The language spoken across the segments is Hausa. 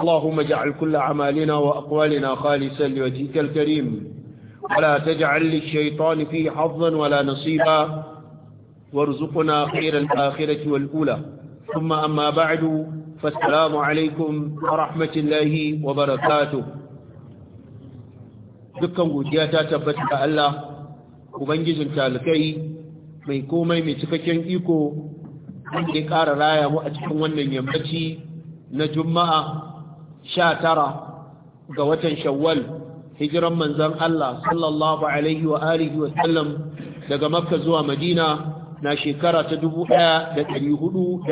اللهم اجعل كل أعمالنا وأقوالنا خالصا لوجهك الكريم ولا تجعل للشيطان فيه حظا ولا نصيبا وارزقنا خير الآخرة والأولى ثم أما بعد فالسلام عليكم ورحمة الله وبركاته dukkan godiya ta tabbata ga Allah ubangijin talikai mai komai mai cikakken iko wanda ya ƙara raya mu a cikin wannan yammaci na juma'a sha tara ga watan shawwal hijiran manzan Allah sallallahu alaihi wa alihi wa sallam daga makka zuwa madina na shekara ta 1443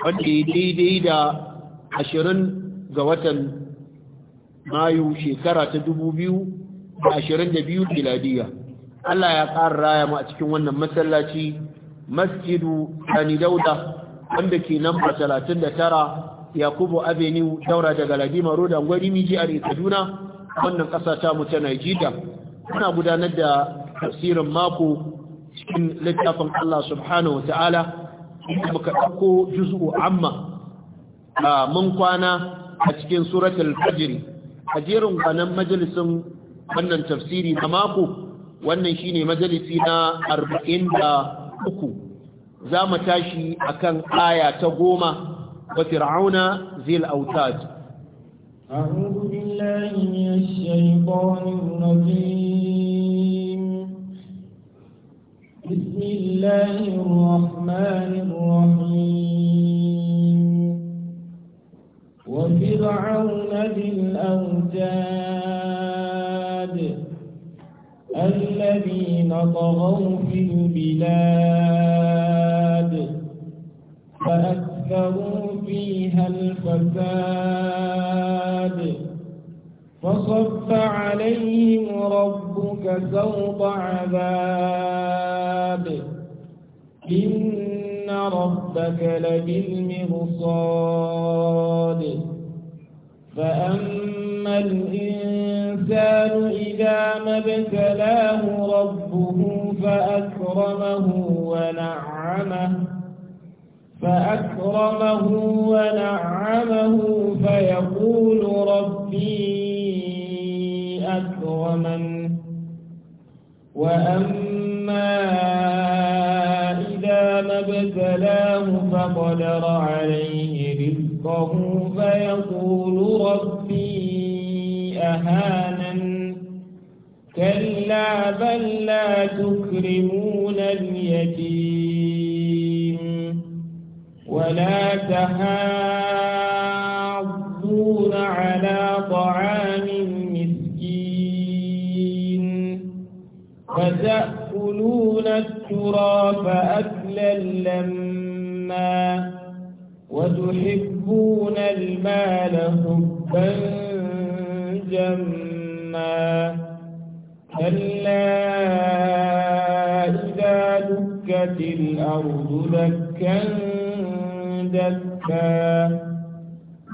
wanda ya daidai da 20 ga watan mayu shekara ta 2022 miladiya Allah ya ƙara raya mu a cikin wannan masallaci masjidu Sani Dauda wanda ke namba 39 yakubu avenue daura daga ladima road gwari miji a kaduna wannan kasa ta mu ta najida muna gudanar da tafsirin mako cikin littafin allah subhanahu wa ta'ala muka dauko juzu'u amma a mun kwana a cikin suratul fajr a jerin gwanan majalisin wannan tafsiri na mako wannan shine majalisi na 43 za mu tashi akan aya ta goma وفرعون ذي الأوتاد أعوذ بالله من الشيطان الرجيم بسم الله الرحمن الرحيم وفرعون ذي الأوتاد الذين طغوا في البلاد فأكثروا فيها الفساد فصف عليهم ربك سوط عذاب إن ربك لبالمرصاد فأما الإنسان إذا ما ابتلاه ربه فأكرمه عظمه ونعمه فيقول ربي أكرمن وأما إذا ما ابتلاه فقدر عليه رزقه فيقول ربي أهانن كلا بل لا تكرمون اليتيم ولا تحاضون على طعام المسكين وتأكلون التراب أكلا لما وتحبون المال حبا جما كلا إذا دكت الأرض دكا دكا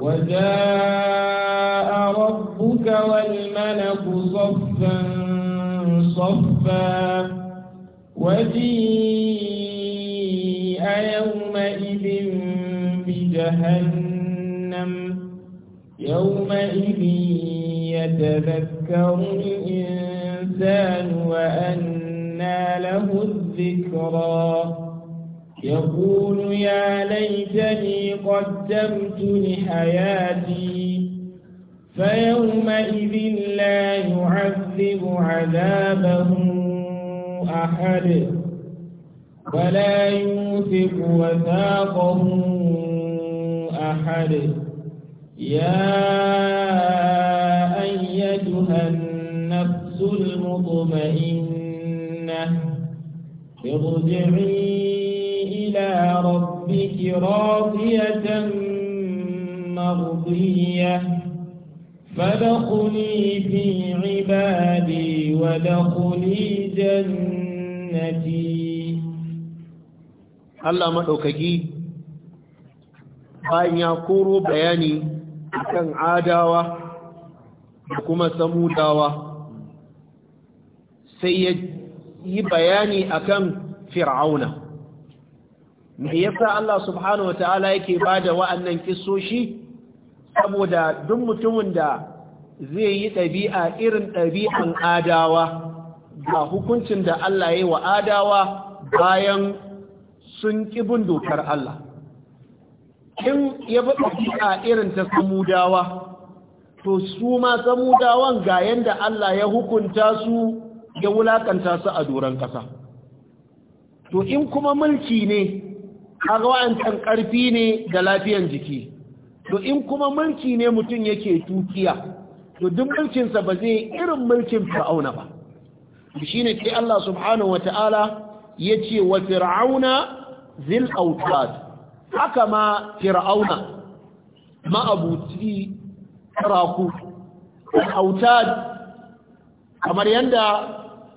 وجاء ربك والملك صفا صفا وجيء يومئذ بجهنم يومئذ يتذكر الإنسان وأنى له الذكرى يقول يا ليتني قدمت لحياتي فيومئذ لا يعذب عذابه أحد ولا يوثق وثاقه أحد يا أيتها النفس المطمئنة ارجعي إِلَى رَبِّكِ رَاضِيَةً مَرْضِيَّةً فَادْخُلِي فِي عِبَادِي وَادْخُلِي جَنَّتِي الله مدوكي أن يقرو بياني كان عاداوا وكما سموداوا سيد يي بياني اكن فرعونه me yasa Allah subhanahu wataala yake bada wa'annan kissoshi saboda duk mutumin da zai yi ɗabi'a irin ɗabi'an adawa ga hukuncin da Allah ya yi wa adawa bayan sun bin dokar Allah in ya bi ɗabi'a irin ta samudawa to su ma samudawan ga yanda Allah ya hukunta su ya wulakanta su a doron ƙasa to in kuma mulki ne kaga wa'ancan ƙarfi ne ga lafiyan jiki to in kuma mulki ne mutum yake tukiya to duk mulkinsa ba zai irin mulkin fir'auna ba shi ne sai Allah subhanahu wa ta'ala ya ce wa fir'auna zil autad haka ma fir'auna ma'abuci raku autad kamar yadda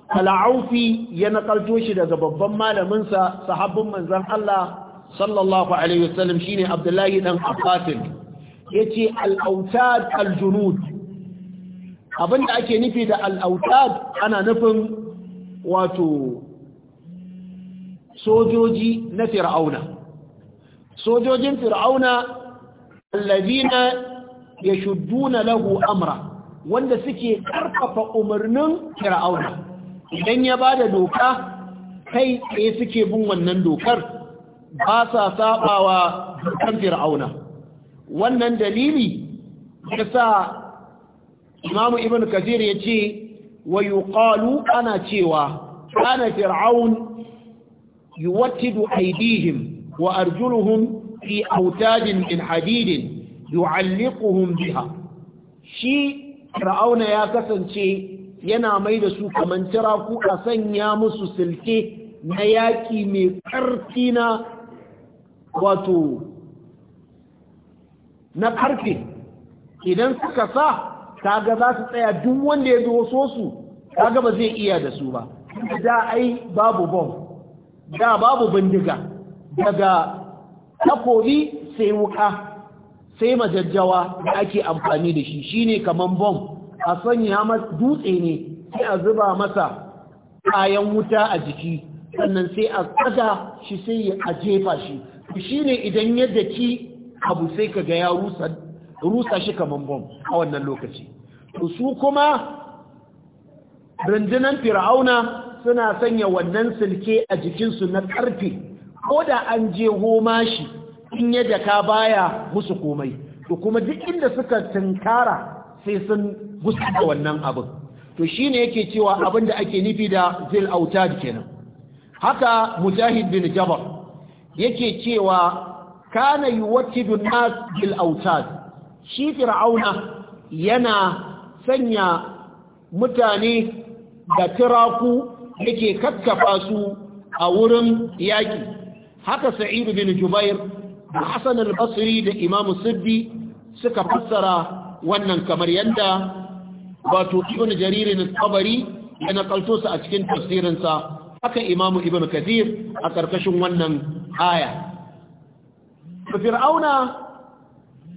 al'aufi ya nakalto shi daga babban malaminsa sahabbin manzan Allah sallallahu alaihi wasallam shine abdullahi dan abbasin yace al-autad al-junud abinda ake nufi da al ana nufin wato sojoji na fir'auna sojojin fir'auna alladina yashudduna lahu amra wanda suke karfafa umarnin fir'auna idan ya bada doka kai tsaye suke bin wannan dokar ba sa saɓawa kan fir'auna wannan dalili yasa imamu ibn ya ce, wa yuqalu ana cewa kana fir'aun yuwattidu aidihim wa arjuluhum fi awtadin in hadidin yu'alliquhum biha shi fir'auna ya kasance yana mai da su kaman tiraku a sanya musu silke na yaƙi mai ƙarfi na wato na karfe idan suka sa kaga za su tsaya duk wanda ya doso su kaga ba zai iya da su ba da ai babu bom da babu bindiga daga takobi sai wuka sai majajjawa da ake amfani da shi shine kaman bom a sanya masa dutse ne sai a zuba masa kayan wuta a jiki sannan sai a tsada shi sai a jefa shi shi ne idan ya daki abu sai ka ga ya rusa shi kamar bom a wannan lokaci to su kuma rundunan fir'auna suna sanya wannan silke a jikinsu na ƙarfe ko da an je homa shi in ya daka baya musu komai to kuma duk inda suka tunkara sai sun gusa wannan abin to shine yake cewa abin da ake nufi da zil autad kenan haka mujahid bin jabal yake cewa kana yuwakkidu nas bil autad shi fir'auna yana sanya mutane da tiraku yake kakkafa su a wurin yaki haka sa'id bin jubair da hasan al-basri da imam sibbi suka fassara wannan kamar yanda wato ibn jarir al-tabari ya kalto su a cikin tafsirinsa haka imam ibn kathir a karkashin wannan aya fir'auna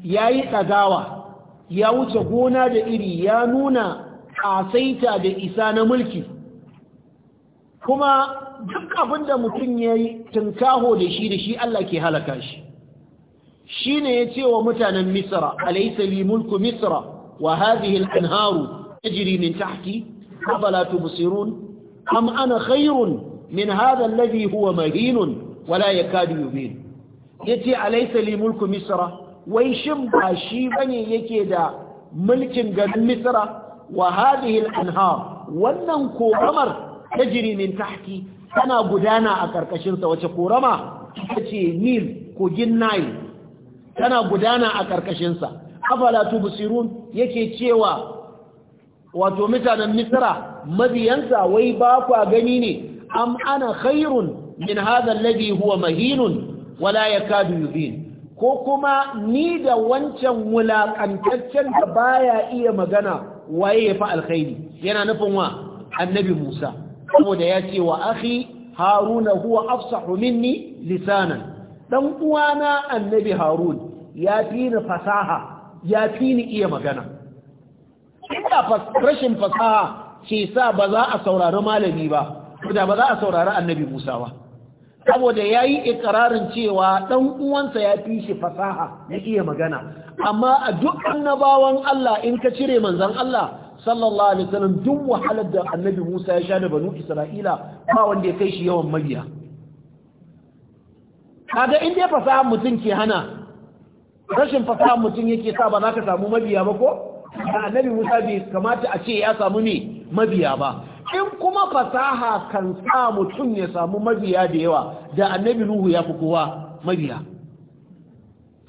yayi ɗagawa ya wuce gona da iri ya nuna kasaita da isa na mulki kuma duk abin da mutum ya yi tunkaho da shi da shi Allah ke halaka shi shi ne ya ce wa mutanen misra alaisa li mulku misra wa hadhihi al-anharu tajri min tahti afala tubsirun am ana khairun min hadha alladhi huwa mahinun wala yakadu yubin yace alaysa li mulku misra wai shin ba shi bane yake da mulkin garin misra wa hadhihi al-anhar wannan koramar tajri min tahti tana gudana a karkashin sa wace korama tace nil kogin nile tana gudana a karkashin sa afala tubsirun yake cewa wato mutanen misra mabiyansa wai ba kwa gani ne am ana khairun min hadha alladhi huwa mahinun wala yakadu yubin ko kuma ni da wancan wulaƙantaccen da baya iya magana waye ya fi alkhairi yana nufin wa annabi Musa saboda ya ce wa akhi haruna huwa afsahu minni lisanan dan uwana annabi harun ya fi ni fasaha ya fi ni iya magana inda rashin fasaha ce sa ba za a saurari malami ba da ba za a saurari annabi Musa ba saboda ya yi ikirarin cewa ɗan uwansa ya fi shi fasaha ya iya magana amma a duk annabawan Allah in ka cire manzan Allah sallallahu alaihi wasallam duk wahalar da annabi Musa ya sha da banu Isra'ila ba wanda ya kai shi yawan mabiya kaga in dai fasahar mutum ke hana rashin fasahar mutum yake sa ba za ka samu mabiya ba ko annabi Musa bai kamata a ce ya samu ne mabiya ba in kuma fasaha kan sa mutum ya samu mabiya da yawa da annabi nuhu ya fi kowa mabiya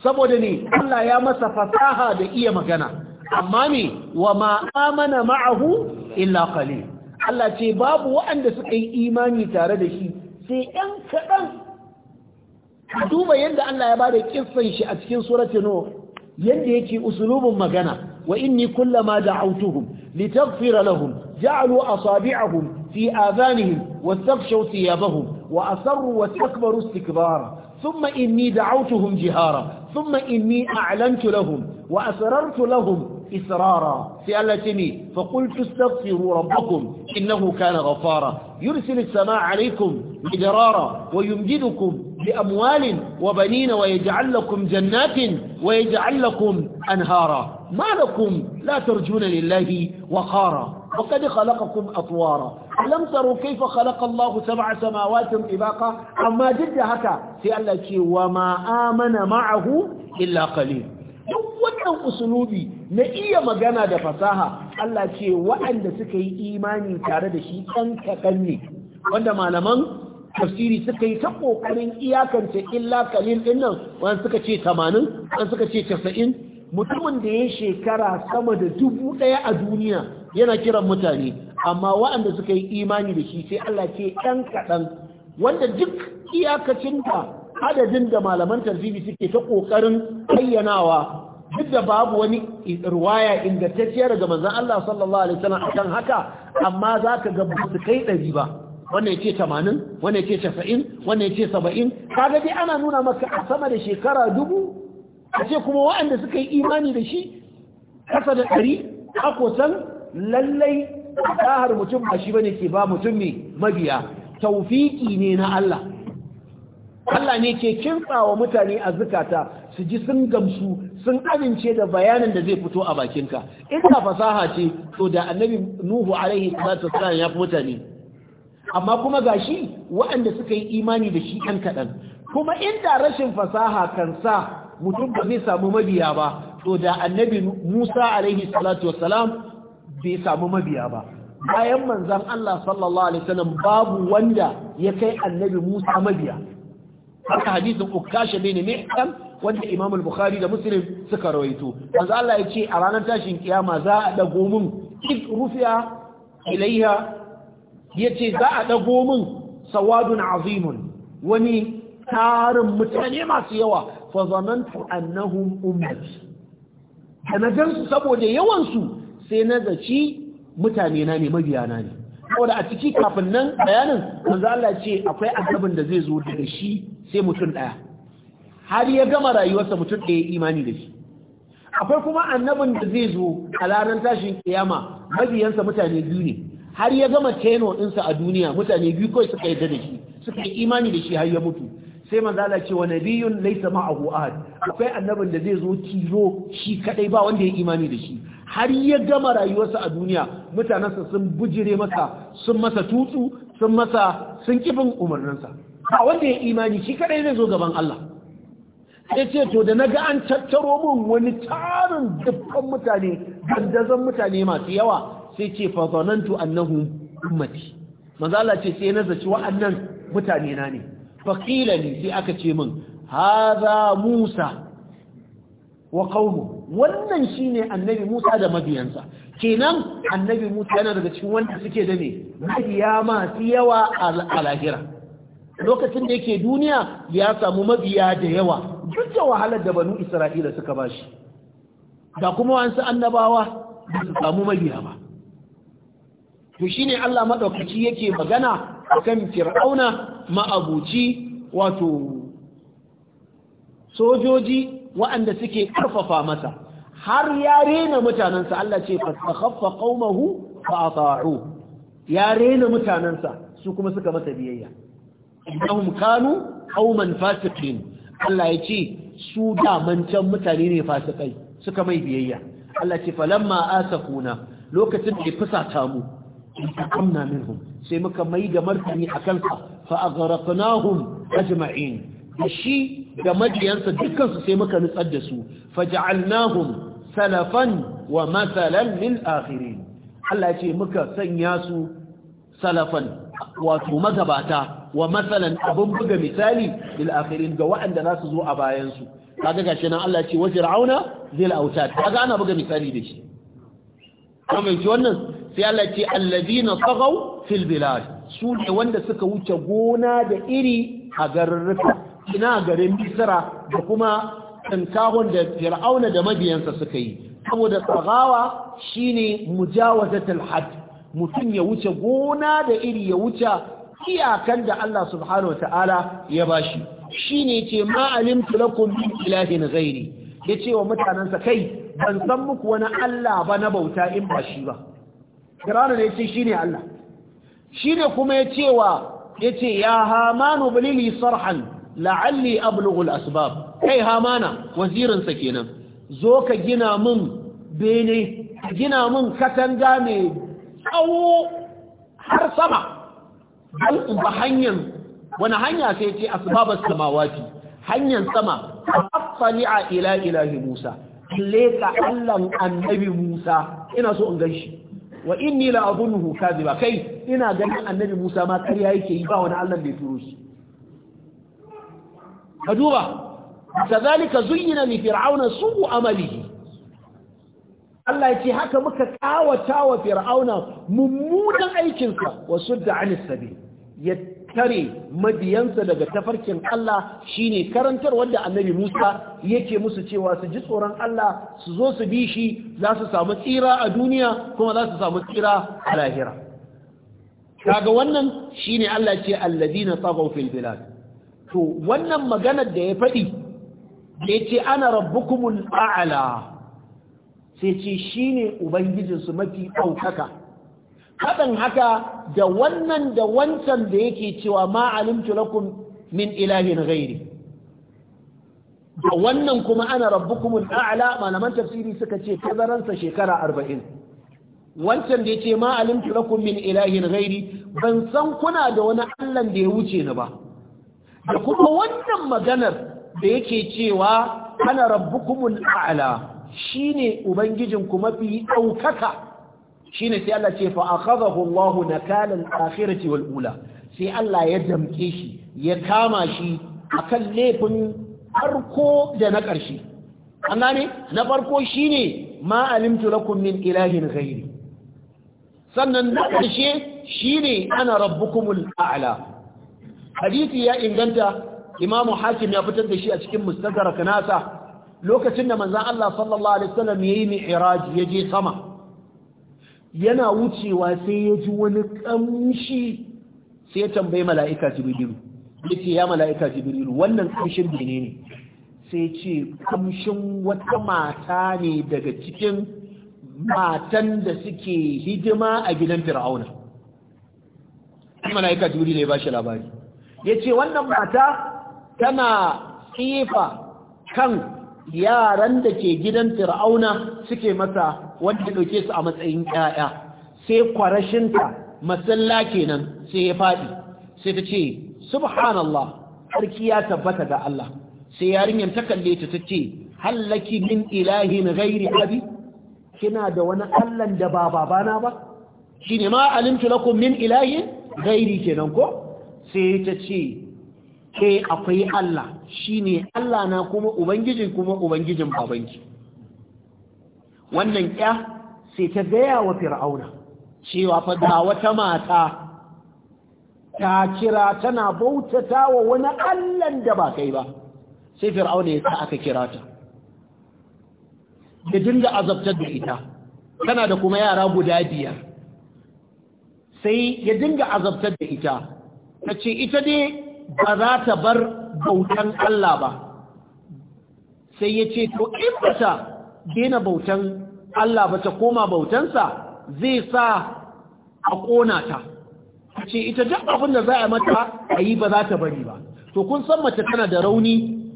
saboda ne Allah ya masa fasaha da iya magana amma ne wa ma amana ma'ahu illa qalil Allah ce babu waɗanda suka yi imani tare da shi sai ɗan kaɗan duba yadda Allah ya bada kissan shi a cikin surati n'o yadda yake usulubin magana wa inni kullama da'awtuhum litaghfira lahum جعلوا أصابعهم في آذانهم واستغشوا ثيابهم وأسروا واستكبروا استكبارا ثم إني دعوتهم جهارا ثم إني أعلنت لهم وأسررت لهم إسرارا في التني فقلت استغفروا ربكم إنه كان غفارا يرسل السماء عليكم مدرارا ويمجدكم بأموال وبنين ويجعل لكم جنات ويجعل لكم أنهارا ما لكم لا ترجون لله وقارا وقد خلقكم أطوارا لم تروا كيف خلق الله سبع سماوات طباقا أما جد هكا سألك وما آمن معه إلا قليل wannan usulubi na iya magana da fasaha Allah ce waɗanda suka yi imani tare da shi ɗan kaɗan ne wanda malaman tafsiri suka yi ta ƙoƙarin iyakance illa kalil ɗin nan wani suka ce 80 wani suka ce 90 mutumin da ya shekara sama da dubu ɗaya a duniya yana kiran mutane amma waɗanda suka yi imani da shi sai Allah ce ɗan kaɗan wanda duk iyakacinta adadin da malaman tarzibi suke ta ƙoƙarin ayyanawa duk da babu wani ruwaya ciyar daga manzan Allah sallallahu alaihi wasallam akan haka amma za ka ga ba su kai ɗari ba wannan ce tamanin wannan ce casa'in wannan ce saba'in kaga dai ana nuna maka a sama da shekara dubu a ce kuma waɗanda suka yi imani da shi kasa da ɗari a lallai fasahar mutum ba shi bane ke ba mutum ne mabiya taufiki ne na Allah Allah ne ke wa mutane a zukata su ji sun gamsu sun amince da bayanin da zai fito a bakinka inda fasaha ce to da annabi nuhu alaihi salatu wasallam ya fota ne amma kuma gashi waɗanda suka yi imani da shi ɗan kaɗan kuma inda rashin fasaha kan sa mutum ba zai samu mabiya ba to da annabi Musa alaihi salatu bai samu mabiya ba bayan manzan Allah sallallahu alaihi wasallam babu wanda ya kai annabi Musa mabiya haka hadisin Ukasha bin Mihsan wanda Imam al-Bukhari da Muslim suka rawaito manzo Allah ya ce a ranar tashin kiyama za a dago mun ik rufiya ilaiha yace za a dago mun sawadun azimun wani tarin mutane masu yawa fa zanantu annahum ummati saboda yawan su sai na zaci mutane na ne na ne saboda a ciki kafin nan bayanin manzo Allah ce akwai azabin da zai zo daga shi sai mutum daya har ya gama rayuwarsa mutum daya imani da shi akwai kuma annabin da zai zo a ranar tashin kiyama mabiyansa mutane biyu ne har ya gama teno ɗinsa a duniya mutane biyu kawai suka yarda da shi suka yi imani da shi har ya mutu sai manzala ce wa nabiyun laisa ma'ahu ahad akwai annabin da zai zo tilo shi kadai ba wanda ya imani da shi har ya gama rayuwarsa a duniya mutanensa sun bujire masa sun masa tutsu sun masa sun kifin umarninsa A wanda ya imani shi kadai zai zo gaban Allah sai ce to da naga an tattaro min wani tarin dukkan mutane dandazon mutane masu yawa sai ce fazonantu annahu ummati manzo Allah ce sai na zaci wa'annan mutane na ne faqila ni sai aka ce min hadha musa wa qaumuhu wannan shine annabi Musa da mabiyansa kenan annabi Musa yana daga cikin wanda suke da ne mabiya masu yawa a lahira lokacin da yake duniya ya samu mabiya da yawa duk da wahalar da banu Isra'ila suka ba shi. da kuma wansu annabawa ba su samu mabiya ba to ne Allah madaukaki yake magana akan Fir'auna ma'abuci wato sojoji waɗanda suke ƙarfafa masa har ya rena mutanensa Allah ce fastakhaffa qaumahu fa ata'u ya rena mutanensa su kuma suka masa biyayya innahum kanu qauman fasiqin Allah ya ce su da mancan mutane ne fasikai suka mai biyayya Allah ce falamma asafuna lokacin da ya fusata mu intakamna minhum sai muka mai da martani akan fa aghraqnahum ajma'in da shi da majiyansa dukkansu sai muka nutsar da su faj'alnahum salafan wa mathalan lil akhirin Allah ya ce muka sanya su salafan wato magabata wa mathalan abun buga misali lil akhirin ga waɗanda za su zo a bayan su kaga gashi nan Allah ya ce wa fir'auna zil autad kaga ana buga misali da shi kuma ji wannan sai Allah ya ce alladina tagaw fil bilad su ne wanda suka wuce gona da iri a garurruka ina garin misra da kuma tankahon da fir'auna da mabiyansa suka yi saboda tsagawa shine mujawazatul had mutum ya wuce gona da iri ya wuce iyakan da Allah subhanahu wataala ya bashi shine ce ma alimtu lakum min ilahin ghairi yace wa mutanansa kai ban san muku wani Allah ba na bauta in ba shi ba fir'auna da yace shine Allah shine kuma yace wa yace ya hamanu bilili sarhan la'alli ablughul asbab kai hamana wazirinsa kenan zo ka gina min bene gina min katanga mai tsawo har sama don ba hanyar wani hanya sai ce asbabas samawati hanyar sama afali a ila ilahi musa leka allan annabi musa ina so in ganshi wa inni la abunuhu kai ina ganin annabi musa ma ƙarya yake yi ba wani allan bai turo shi ka duba kazalika zuyyina li fir'auna su'u amalihi Allah ya ce haka muka kawata wa fir'auna mummunan aikinsa wa sudda anis sabi ya tare mabiyansa daga tafarkin Allah shine karantar wanda annabi Musa yake musu cewa su ji tsoron Allah su zo su bi shi za su samu tsira a duniya kuma za su samu tsira a lahira kaga wannan shine Allah ce alladina taghaw fil bilad to wannan maganar da ya faɗi da ya ce ana rabbukumul a'ala sai ce shi ne ubangijinsu mafi ɗaukaka haɗin haka da wannan da wancan da yake cewa ma'alim lakum min ilahin gairi da wannan kuma ana rabbukumul a'ala malaman tafsiri suka ce tazaransa shekara arba'in wancan da ya ce ma'alim lakum min ilahin rairi, ban san kuna da wani allan da ya wuce ni ba da kuma wannan maganar da yake cewa ana rabbukumul a'la shine ubangijinku mafi Shi shine sai Allah ce fa akhadahu Allahu nakala al-akhirati wal sai Allah ya damke shi ya kama shi a kan laifin farko da na ƙarshe an na farko shine ma alimtu lakum min ilahin ghairi sannan na ƙarshe shine ana rabbukumul a'ala. hadisi ya inganta imamu hakim ya fitar da shi a cikin mustadrak nasa lokacin da manzon Allah sallallahu alaihi wasallam yayi mi'raj ya je sama yana wucewa sai ya ji wani kamshi sai ya tambayi mala'ika jibrilu yace ya mala'ika jibrilu wannan kamshin bene ne sai ce kamshin wata mata ne daga cikin matan da suke hidima a gidan fir'auna mala'ika jibrilu ya bashi labari ya ce wannan mata tana tsifa kan yaran da ke gidan fir'auna suke masa wanda ɗauke su a matsayin ƴaƴa sai kwarashinta masalla kenan sai ya faɗi sai ta ce subhanallah sarki ya tabbata ga Allah sai yarinyar ta kalle ta tace hallaki min ilahin ghairi abi kina da wani allan da ba babana ba shine ma alimtu lakum min ilahin ghairi kenan ko sai ta ce ke akwai Allah shine Allah na kuma ubangijin kuma ubangijin babanki wannan ya sai ta gaya wa fir'auna cewa fa da wata mata ta kira tana bautata wa wani allan da ba kai ba sai fir'auna ya sa aka kira ta da dinga azabtar da ita tana da kuma yara guda biyar sai ya dinga azabtar da ita ta ce ita dai ba za ta bar bautan Allah ba sai ya ce to in ba ta daina bautan Allah ba ta koma bautansa zai sa a ƙona ta ta ce ita duk abin da za a mata a yi ba za ta bari ba to kun san mace tana da rauni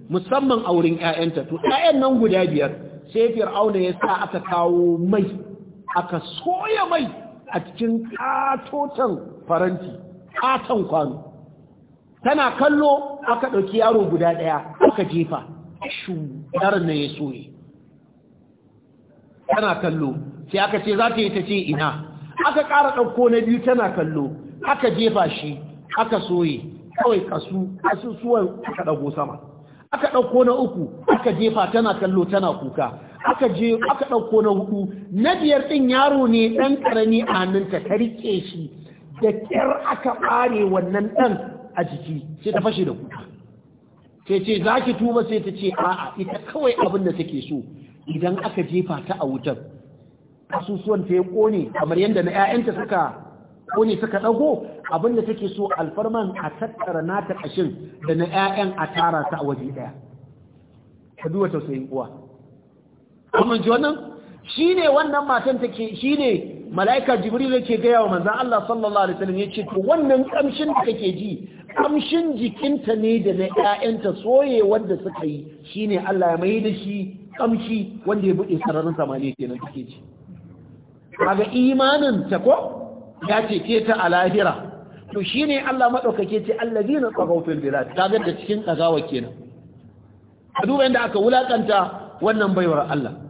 musamman a wurin 'ya'yanta to 'ya'yan nan guda biyar sai fir'auna ya sa aka kawo mai aka soya mai a cikin katotan faranti katon kwano tana kallo aka ɗauki yaro guda ɗaya aka jefa shu yaron na ya soye tana kallo sai aka ce za ta yi ta ce ina aka ƙara ɗauko na biyu tana kallo aka jefa shi aka soye kawai kasu kasusuwan aka ɗago sama aka ɗauko na uku aka jefa tana kallo tana kuka aka je aka ɗauko na hudu na biyar ɗin yaro ne ɗan ƙarami a hannunta ta riƙe shi da kyar aka ɓare wannan ɗan a jiki sai ta fashe da kuka sai ce za ki tuba sai ta ce a'a ita kawai abin da take so idan aka jefa ta a wutar asusuwan ta ya ƙone kamar yadda na 'ya'yanta suka ƙone suka ɗago abin da take so alfarman a tattara nata ƙashin da na 'ya'yan a tara ta a waje ɗaya ka duba tausayin uwa amince wannan ne wannan matan take ne mala'ika jibril yake gaya wa manzon Allah sallallahu alaihi wasallam yace to wannan kamshin da kake ji kamshin jikinta ne da na ƴaƴanta soye wanda suka yi shine Allah ya mai da shi kamshi wanda ya bude sararin samaniya kenan kake ji kaga imanin ta ko ya ce ke ta a lahira to shine Allah madaukake ce allazina tsagaw fil bilad kaga da cikin tsagawa kenan a duba yadda aka wulakanta wannan baiwar Allah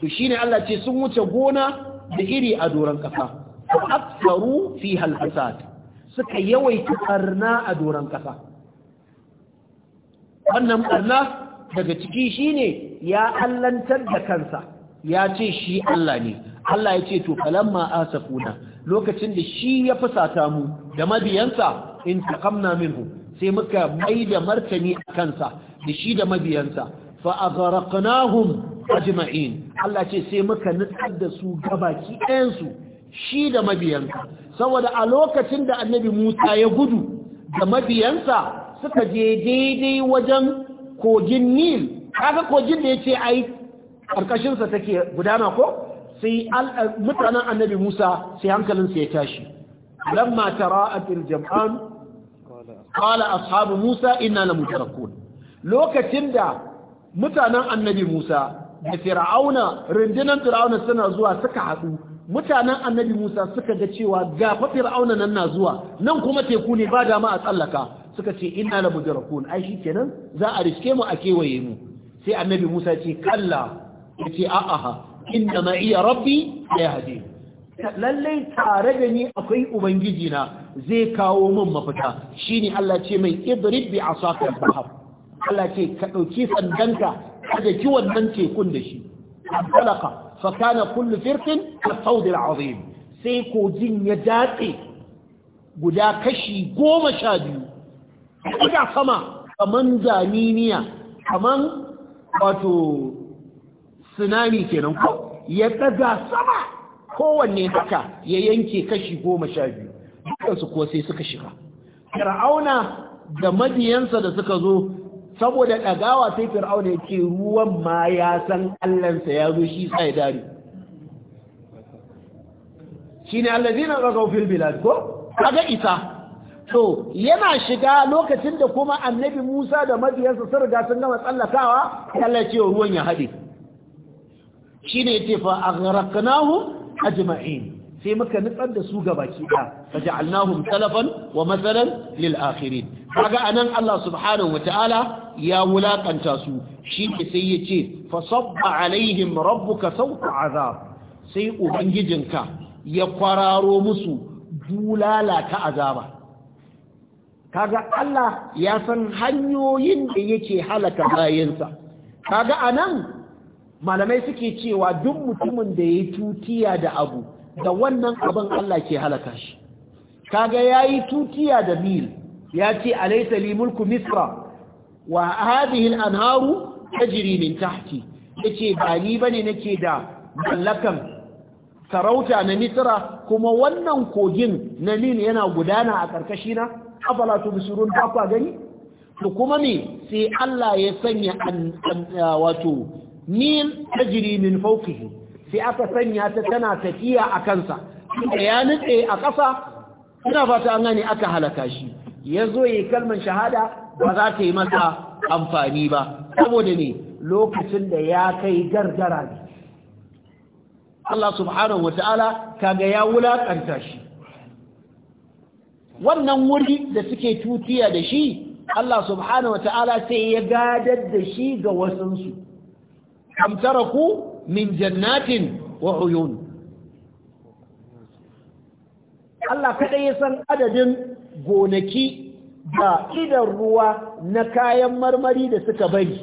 to shine Allah ce sun wuce gona da iri a doron kasa aksaru fi halfasad suka yawaita barna a doron kasa wannan barna daga ciki shine ya allantar da kansa ya ce shi Allah ne Allah ya ce to falamma asafuna lokacin da shi ya fusata mu da mabiyansa in taqamna minhu sai muka mai da martani a kansa da shi da mabiyansa fa aghraqnahum ajma'in Allah ce sai muka nutsar da su gabaki ɗayansu shi da mabiyanka. saboda a lokacin da annabi Musa ya gudu da mabiyansa suka je daidai wajen kogin Nil kaga kogin da ya ce ai karkashin take gudana ko sai eh, mutanen annabi Musa sai hankalinsa ya tashi lamma tara'atil jam'an qala ashabu Musa inna lamudarakun lokacin da mutanen annabi Musa da fir'auna rundunar fir'auna suna zuwa suka haɗu mutanen annabi musa suka ga cewa gafa fir'auna nan na zuwa nan kuma teku ne ba dama a tsallaka suka ce ina la mudrakun ai shikenan za a riske mu a kewaye mu sai annabi musa ce kalla yace a'a inna ma iya rabbi la yahdi lallai tare da ni akwai ubangiji na zai kawo min mafita shine Allah ce mai idrib bi asaka bahar Allah ce ka dauki sandanka da kiwon nan tekun da shi falaka fa kana kullu firqin al-sawd al-azim sai kojin ya datse guda kashi goma sha biyu daga sama kaman zaniniya kaman wato tsunami kenan ko ya daga sama kowanne haka ya yanke kashi goma sha biyu dukansu kuwa sai suka shiga fir'auna da madiyansa da suka zo saboda ɗagawa sai fir'aun ya ce ruwan ma ya san allansa ya zo shi sai dare shi ne allazina ragau fil bilad ko kaga isa to yana shiga lokacin da kuma annabi Musa da mabiyansa sun riga sun gama tsallakawa Allah ce ruwan ya haɗe shine yace fa aghraqnahu ajma'in sai muka nutsar da su ga baki ɗaya faja'alnahum wa masalan lil akhirin kaga anan Allah subhanahu wata'ala ya wulakanta su shi ne sai yace fa sabba alaihim rabbuka sawta azab sai ubangijinka ya kwararo musu bulala ta azaba kaga Allah ya san hanyoyin da yake halaka bayansa kaga anan malamai suke cewa duk mutumin da ya tutiya da abu da wannan abin Allah ke halaka shi kaga yayi tutiya da nil ya ce alaysa li mulku misra wa hadhihi al-anharu tajri min tahti yace ba ni bane nake da mallakan sarauta na misra kuma wannan kogin na nil yana gudana a Na afala tubsirun ba kwa gani to kuma ne sai Allah ya sanya wato nil tajri min fawqihi sai aka sanya ta tana tafiya a kansa da ya nutse a ƙasa ina fata an gane aka halaka shi ya zo ya yi kalmar shahada ba za ta yi masa amfani ba saboda ne lokacin da ya kai gargara ne Allah subhanahu wa ta'ala kaga ya wulaƙanta shi wannan wuri da suke tutiya da shi Allah subhanahu wa ta'ala sai ya gadar da shi ga wasansu amtaraku min jannatin wa uyun Allah kaɗai ya san adadin gonaki da idan ruwa na kayan marmari da suka bari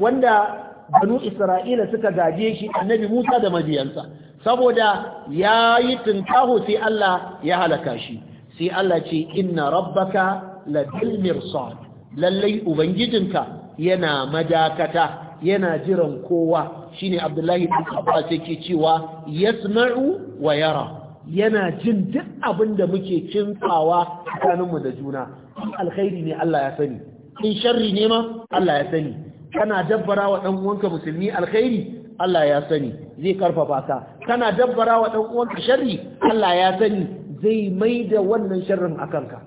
wanda banu isra'ila suka gaje shi annabi musa da mabiyansa saboda ya yi tuntaho sai Allah ya halaka shi sai Allah ce inna rabbaka bil mirsad lallai ubangijinka yana madakata yana jiran kowa shine abdullahi bin abbas yake cewa yasma'u wa yara yana jin duk abin da muke kinkawa tsakaninmu da juna in alkhairi ne Allah ya sani in sharri ne ma Allah ya sani kana dabbara wa dan uwanka musulmi alkhairi Allah ya sani zai karfafa ka kana dabbara wa dan uwanka sharri Allah ya sani zai maida wannan sharrin akan ka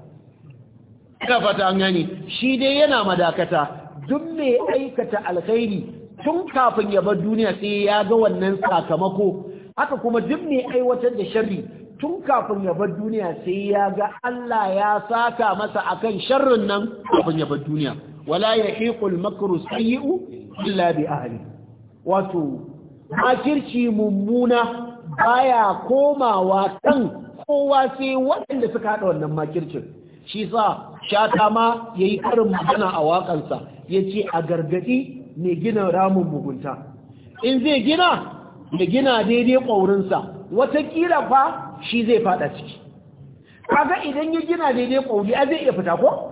ka fata an gani shi dai yana madakata duk mai aikata alkhairi tun kafin ya bar duniya sai ya ga wannan sakamako haka kuma duk mai aiwatar da sharri tun kafin ya bar duniya sai ya ga Allah ya saka masa akan sharrin nan kafin ya bar duniya wala yahiqul makru sayyi'u illa bi ahli wato makirci mummuna baya komawa kan kowa sai waɗanda suka hada wannan makircin shi sa shata ma yayi karin magana a waƙansa ya ce a gargadi mai gina ramun mugunta in zai gina ya gina daidai ƙaurinsa watakila fa shi zai faɗa ciki kaga idan ya gina daidai ƙauri a zai iya fita ko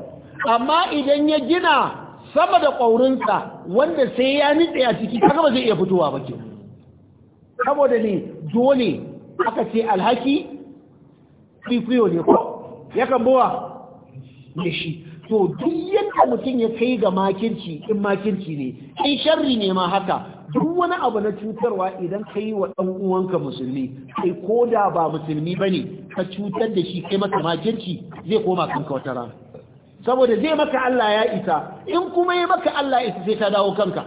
amma idan ya gina sama da ƙwaurinsa wanda sai ya nitse a ciki kaga ba zai iya fitowa ba ke saboda ne dole aka ce alhaki kwikwiyo ne ko yakan buwa ne shi to duk yadda mutum ya kai ga makirci in makirci ne in sharri ne ma haka duk wani abu na cutarwa idan ka yi wa ɗan uwanka musulmi kai ko da ba musulmi ba ne ka cutar da shi kai masa makirci zai koma kanka wata rana saboda zai maka Allah ya isa in kuma ya maka Allah ya isa sai ta dawo kanka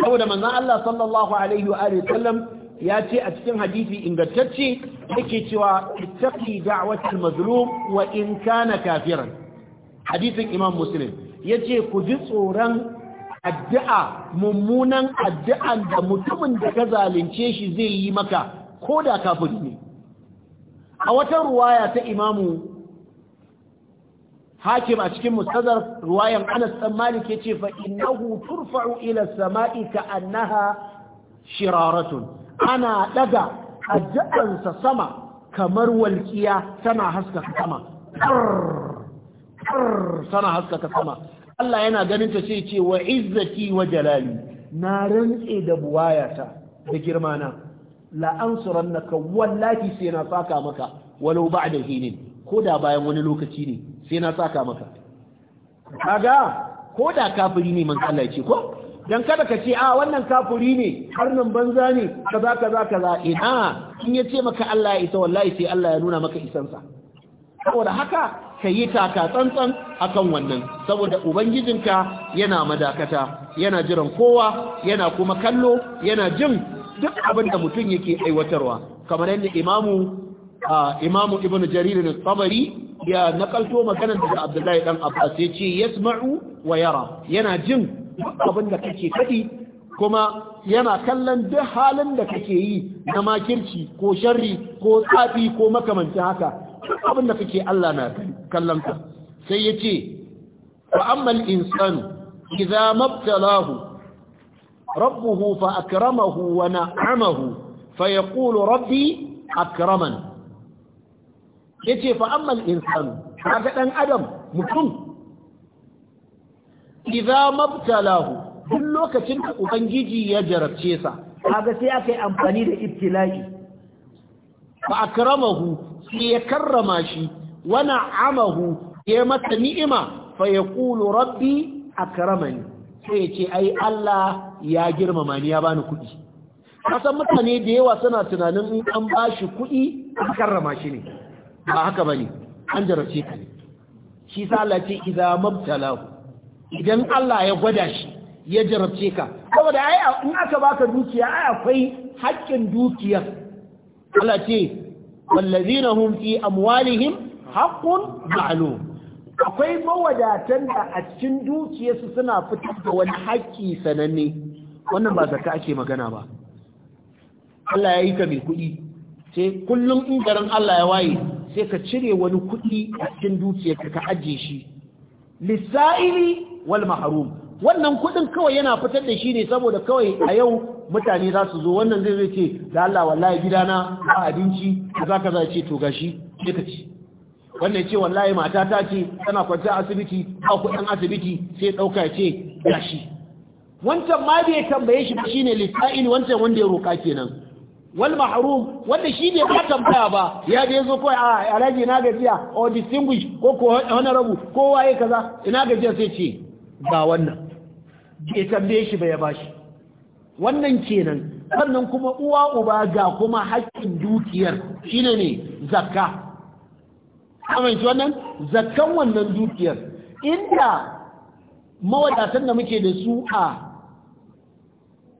saboda manzon Allah sallallahu alaihi wa alihi sallam ya ce a cikin hadisi ingantacce yake cewa ittaqi da'watal mazlum wa in kana kafiran hadisin imam muslim ya ce ku ji tsoron addu'a mummunan addu'an da mutumin da ka zalunce shi zai yi maka ko da kafin ne a wata ruwaya ta imamu hakim a cikin musadar ruwayan anas dan malik yace fa innahu turfa'u ila samai ka annaha shiraratun ana daga addu'ansa sama kamar walkiya tana haskaka sama sana haskaka sama Allah yana ganin ta sai ce wa izzati wa jalali na rantse da buwayata da girmana la ansurannaka wallahi sai na saka maka walau ba'da hinin ko da bayan wani lokaci ne sai na saka maka kaga ko da kafiri ne man Allah ce ko dan kada ka ce a ah, wannan kafiri ne har nan banza ne kaza kaza kaza ina in ya ce maka Allah ya isa wallahi sai Allah ya nuna maka isansa saboda haka ka yi taka tsantsan akan wannan saboda ubangijinka yana madakata yana jiran kowa yana kuma kallo yana jin duk abin da mutum yake aiwatarwa kamar yadda imamu imamu ibn jarir al-tabari ya nakalto maganar daga abdullahi dan abbas ya ce yasma'u wa yara yana jin duk abin da kake kadi kuma yana kallon duk halin da kake yi na makirci ko sharri ko tsafi ko makamancin haka abin da kake Allah na kallonta. sai ya ce wa ammal insanu idza mabtalahu rabbuhu fa akramahu wa na'amahu fa yaqulu rabbi akraman yace fa ammal insanu kaga dan adam mutum idza mabtalahu duk lokacin da ubangiji ya jarabce sa kaga sai aka amfani da ibtila'i fa akramahu sai ya karrama shi wa na'amahu ya mata ni'ima fa yaqulu rabbi akramani sai ya ce ai Allah ya girmama ni ya bani kuɗi kasan mutane da yawa suna tunanin in an bashi kuɗi an karrama shi ne ba haka bane an jarabce ka ne shi sa Allah ce idza mabtalahu idan Allah ya gwada shi ya jarabce ka saboda ai in aka baka dukiya ai akwai haƙƙin dukiyar Allah ce na hum fi amwalihim haqqun ma'lum akwai mawadatan da a cikin dukiyarsu suna fitar da wani haƙƙi sananne wannan ba zaka ake magana ba Allah ya yi ka mai kuɗi sai kullum in garin Allah ya waye sai ka cire wani kuɗi a cikin dukiyarka ka ajiye shi lissa'ili wal maharum. wannan kuɗin kawai yana fitar da shi ne saboda kawai a yau mutane za su zo wannan zai zai ce da Allah wallahi gidana ba abinci za ka za ce to gashi ka ci wannan ce wallahi mata ta ce tana kwanta asibiti ba kuɗin asibiti sai ɗauka ce gashi wancan ma bai tambaye shi ba ne lissa'in wancan wanda ya roƙa kenan wal mahrum wanda shi ne ba tambaya ba ya je zo kai a ah, alaji na gajiya o oh, distinguish ko ko rabu ko waye kaza ina gajiya sai ce ga wannan bai tambaye shi ba ya bashi wannan kenan sannan kuma uwa uba ga kuma haƙƙin dukiyar shine ne zakka amince wannan zakkan wannan dukiyar inda mawadatan da muke da su a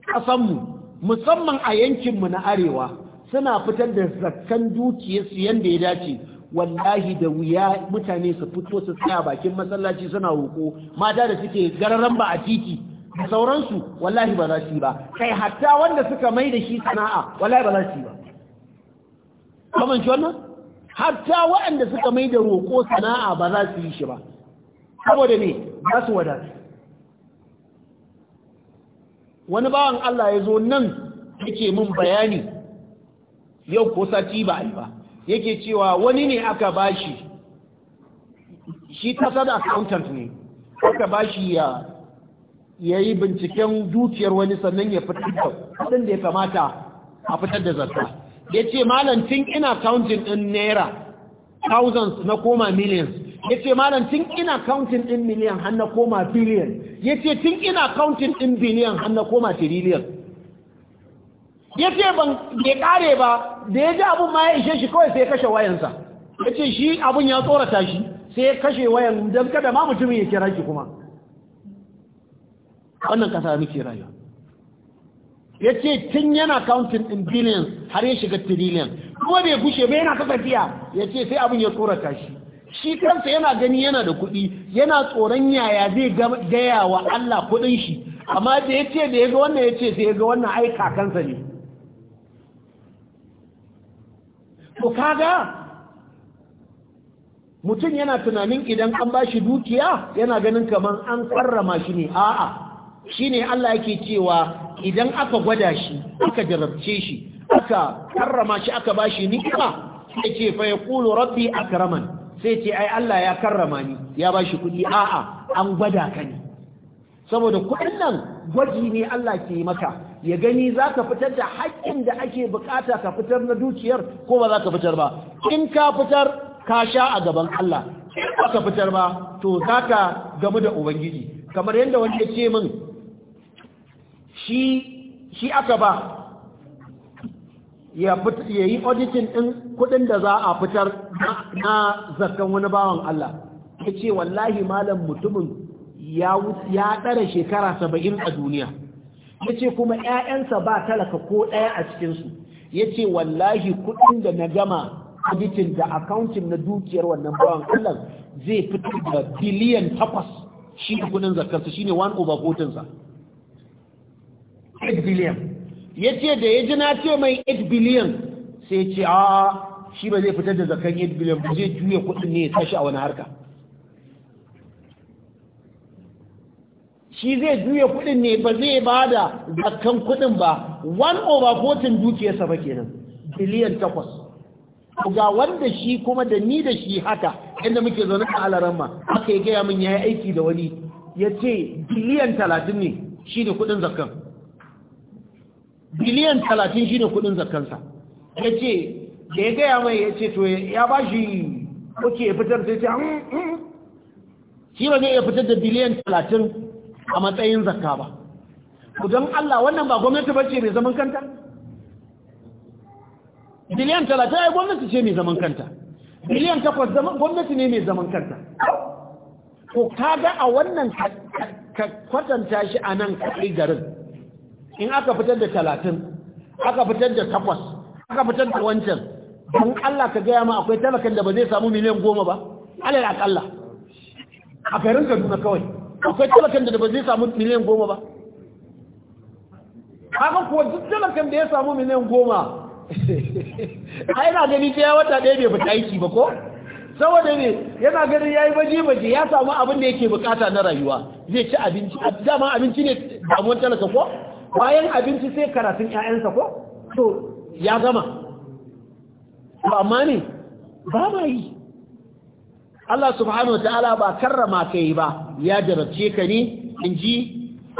ƙasanmu musamman a yankinmu na arewa suna fitar da zakkan dukiyar su yadda ya dace wallahi da wuya mutane su fito su tsaya bakin masallaci suna roƙo mata da suke gararan ba a titi da sauransu wallahi ba za su yi ba kai hatta wanda suka mai da shi sana'a wallahi ba za su yi ba kaman shi wannan hatta waɗanda suka mai da roƙo sana'a ba za su yi shi ba saboda ne za su wadatu wani bawan Allah ya zo nan yake mun bayani yau ko sati ba ai ba yake cewa wani ne aka bashi shi ta sada accountant ne aka bashi ya ya yi binciken dukiyar wani sannan ya fitar da kudin da ya kamata a fitar da zarta ya ce malantin ina kauntin ɗin naira thousands na koma millions ya ce malantin ina kauntin ɗin miliyan har na koma billion ya ce tun ina kauntin ɗin billion har na koma trillion ya ce ban bai kare ba da ya ji abin ma ya ishe shi kawai sai ya kashe wayansa ya ce shi abin ya tsorata shi sai ya kashe wayan don kada ma mutumin ya kira shi kuma wannan kasa muke rayuwa ya ce tun yana counting in billions har ya shiga trillion kuma bai gushe bai yana ta tafiya ya ce sai abin ya tsorata shi shi kansa yana gani yana da kuɗi yana tsoron yaya zai gaya wa Allah kuɗin shi amma da ya ce da ya ga wannan ya ce sai ya ga wannan aika kansa ne to kaga mutum yana tunanin idan an ba shi dukiya yana ganin kamar an karrama shi ne a'a Shi ne Allah yake cewa idan aka gwada shi aka jarabce shi aka karrama shi aka ba shi ni'ima sai ce fa yaqulu rabbi karaman. sai ce ai Allah ya karrama ni ya ba bashi kuɗi a'a an gwada ka ne saboda kuɗin nan gwaji ne Allah ke maka ya gani za ka fitar da haƙƙin da ake bukata ka fitar na dukiyar ko ba za ka fitar ba in ka fitar ka sha a gaban Allah ka fitar ba to za ka gamu da ubangiji kamar yadda wanda ya ce min shi aka ba ya yi auditin ɗin kudin da za a fitar na zakan wani bawan Allah ya ce wallahi malam mutumin ya ɗara shekara saba'in a duniya ya ce kuma 'ya'yansa ba talaka ko ɗaya a cikinsu ya ce wallahi kudin da na gama auditin da akauntin na dukiyar wannan bawan Allah zai fitar da biliyan takwas shi kudin zakarsa shine one over kotunsa. 8 billion ya ce da ya ji na ce mai 8 billion sai ce a shi ba zai fitar da zakan 8 billion ba zai juya kudin ne ya tashi a wani harka shi zai juya kudin ne ba zai ba da zakan kudin ba 1 over 14 dukiyarsa ba kenan biliyan takwas ga wanda shi kuma da ni da shi haka inda muke zaune a alaramma aka yi gaya min ya yi aiki da wani ya ce biliyan talatin ne shi ne kudin zakan biliyan talatin shi ne kudin zakansa ya ce da ya gaya mai ya ce to ya ba shi oke ya fitar sai ce mm, mm. shi ba zai iya fitar da biliyan talatin a matsayin zarka ba kudin Allah wannan ba gwamnati ba ce mai zaman kanta biliyan talatin ai gwamnati ce mai zaman kanta biliyan takwas gwamnati ne mai zaman kanta ko kaga a wannan kwatanta shi a nan kaɗai garin in aka fitar da talatin aka fitar da takwas aka fitar da wancan don Allah ka gaya ma akwai talakan da ba zai samu miliyan goma ba alal akalla a garin kaduna kawai akwai talakan da ba zai samu miliyan goma ba haka kuwa duk talakan da ya samu miliyan goma a yana gani ta wata ɗaya bai fita aiki ba ko saboda ne yana ganin ya yi baje-baje ya samu abin da yake bukata na rayuwa zai ci abinci A dama abinci ne damuwar talaka ko bayan abinci sai karatun 'ya'yansa ko to ya gama ba amma ne ba ma yi Allah subhanahu wa ta'ala ba karrama ka yi ba ya jarabce ka ne in ji